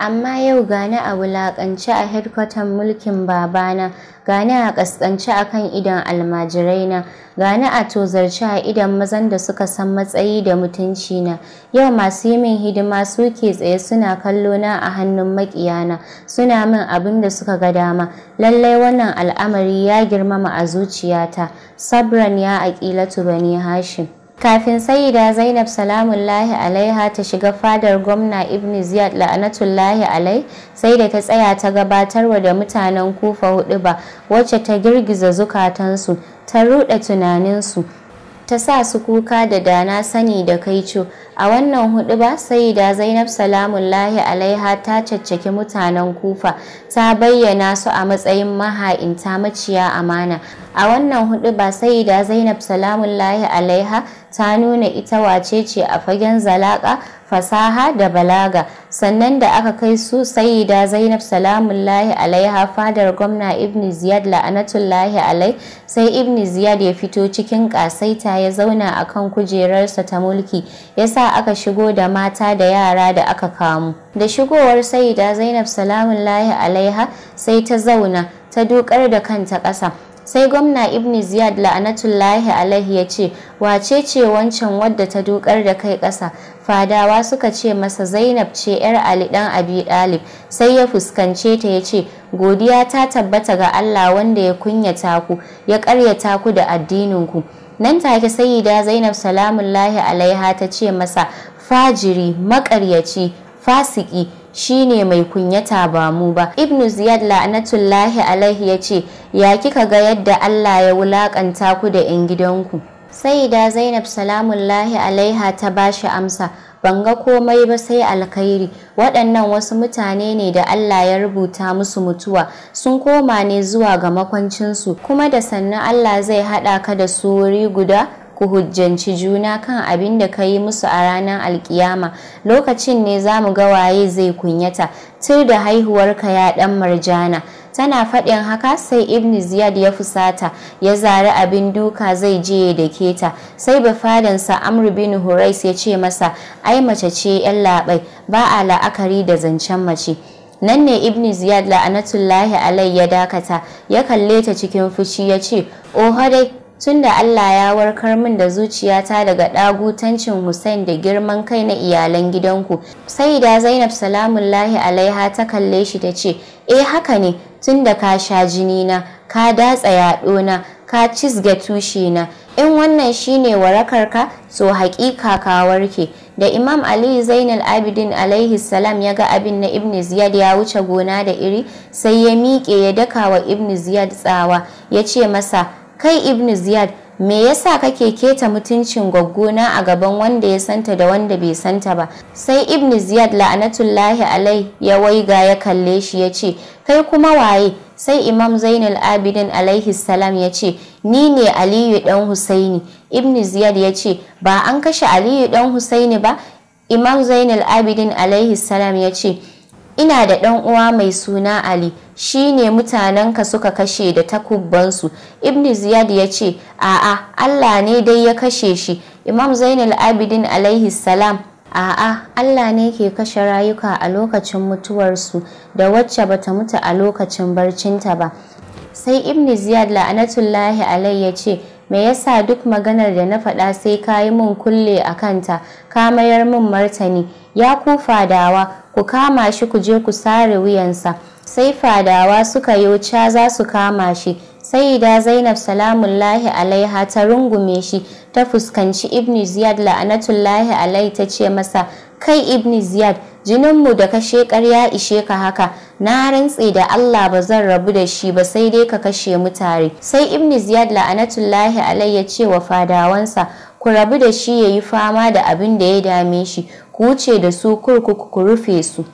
amma yau gani a wulaƙance a hedkwatan mulkin babana gani a ƙasƙance a kan idan na, gani a tozarci a idan mazan da suka san matsayi da mutunci na yau masu yi min hidima suke tsaye suna kallo na a hannun na, suna min abin da suka ga dama lallai wannan al'amari ya girmama a zuciyata sabran ya aƙila tubani hashim kafin sayida zainab salamullahi alaiha ta shiga fadar gwamna ibn ziyad la'anatullahi alai sai da ta tsaya ta gabatarwa da mutanen kufa hudu ba wacce ta girgiza zukatansu ta ruɗe tunaninsu ta sa su kuka da dana sani da kaico a wannan hudu ba sai da zainab salamullahi alaiha ta caccaki mutanen kufa ta bayyana su a matsayin maha'inta maciya amana a wannan hudu ba sai da zainab salamullahi alaiha ta nuna ita wace ce a fagen zalaka fasaha da balaga sannan da aka kai su sayida zainab salamullahi alaiha fadar gwamna ibn ziyad la'anatullahi alai sai ibn ziyad ya fito cikin kasaita ya zauna a kan kujerarsa ta mulki ya sa aka shigo da mata da yara da aka kamu da shigowar sayida zainab salamullahi alaiha sai ta zauna ta dukar da kanta ƙasa sai gwamna ibn ziyad la'anatullahi alaihi ya ce wace ce wancan wadda ta dukar da kai ƙasa fadawa suka ce masa zainab ce yar ali dan abi dalib sai ya fuskance ta ya ce godiya ta tabbata ga allah wanda ya kunyata ku ya karyata ku da addininku. ku nan take sayyida zainab salamullahi alaiha ta ce masa fajiri maƙaryaci fasiki Shi ne mai kunyata ba mu ba ibnu ziyad la'anatullahi alaihi ce, ya kika ga yadda Allah ya wulaƙanta ku da 'yan gidanku sai da zainab salamullahi alaiha ta ba shi amsa ban ga komai ba sai alkhairi waɗannan wasu mutane ne da Allah ya rubuta musu mutuwa sun koma ne zuwa ga makwancinsu kuma da sannan Allah zai haɗa ka da su wuri guda ku hujjanci juna kan abin da ka yi musu a ranar alkiyama lokacin ne za mu ga waye zai kunyata tur da haihuwarka ya ɗan marjana tana faɗin haka sai ibn ziyad ya fusata ya zari abin duka zai je ya dake ta. sai bafadansa amr bin hurais ya ce masa ai mace ce yan labai ba a la'akari da zancen mace nan ne ibn ziyad la'anatullahi alai ya dakata ya kalle ta cikin fushi ya ce oho dai tunda Allah ya warkar min da zuciyata daga ɗagutancin Hussein da girman kai na iyalan gidanku. Sai da Zainab salamullahi alaiha ta kalle shi ta ce, "E haka ne, tunda ka sha jini na, ka datsa yaɗona, ka cizga tushe na, in wannan shine warakarka, so haƙiƙa ka warke." da Imam Ali Zainal Abidin alaihi salam ya ga abin na Ibn Ziyad ya wuce gona da iri sai ya miƙe ya daka wa Ibn Ziyad tsawa ya ce masa kai ibn ziyad me yasa kake keta mutuncin gwaggona a gaban wanda ya santa da wanda bai santa ba sai ibn ziyad la'anatullahi alai ya waiga ya kalle shi ya ce kai kuma waye sai imam Zainal abidin alaihi salam ya ce ni ne aliyu dan husaini ibn ziyad ya ce ba an kashe aliyu dan husaini ba imam zainul abidin alaihi salam ya ce ina da ɗan uwa mai suna ali shi ne mutanenka suka kashe da takubbansu ibn ziyad ya ce a'a allah ne dai ya kashe shi imam zainal abidin alaihi salam a'a allah ne ke kashe rayuka a lokacin mutuwarsu da wacce bata mutu a lokacin barcinta ba sai ibn ziyad la'anatullahi alai ya ce me yasa duk maganar da na faɗa sai ka yi mun kulle a kanta ka mayar mun martani ya ku fadawa ku kama shi ku je ku sare wuyansa sai fadawa suka yo ca za su kama shi sai da zainab salamullahi alaiha ta rungume shi ta fuskanci ibni ziyad la'anatullahi alai ta ce masa kai ibni ziyad jininmu da kashe karya ishe ka haka na rantse da Allah ba zan rabu da shi ba sai dai ka kashe mu tare sai ibni ziyad la'anatullahi alai ya ce wa fadawansa ku rabu da shi ya yi fama da abin da ya dame shi ku wuce da su kurkuku ku rufe su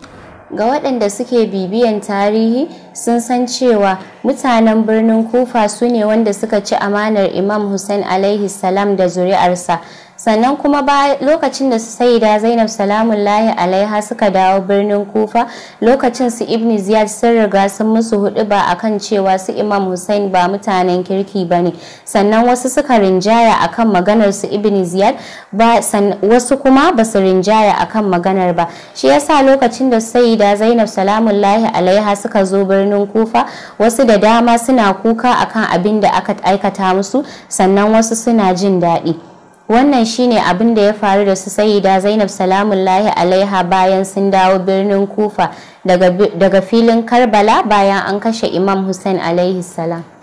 ga waɗanda suke bibiyan tarihi sun san cewa mutanen birnin kufa su ne wanda suka ci amanar imam hussein alaihi salam da zuri'arsa sannan kuma lokacin da su saida zainab salamullahi alaiha suka dawo birnin kufa lokacin su ibn ziyad sun riga sun musu hudu ba akan cewa su imam hussein ba mutanen kirki ba ne sannan wasu suka rinjaya akan maganar su ibn ziyad wasu kuma ba su rinjaya akan maganar ba shi yasa lokacin da saida zainab salamullahi alaiha suka zo birnin kufa wasu da dama suna kuka akan abin da aka aikata musu sannan wasu suna jin daɗi wannan shine abin da ya faru da su sayida zainab salamullahi alaiha bayan sun dawo birnin kufa daga filin karbala bayan an kashe imam hussein alaihi salam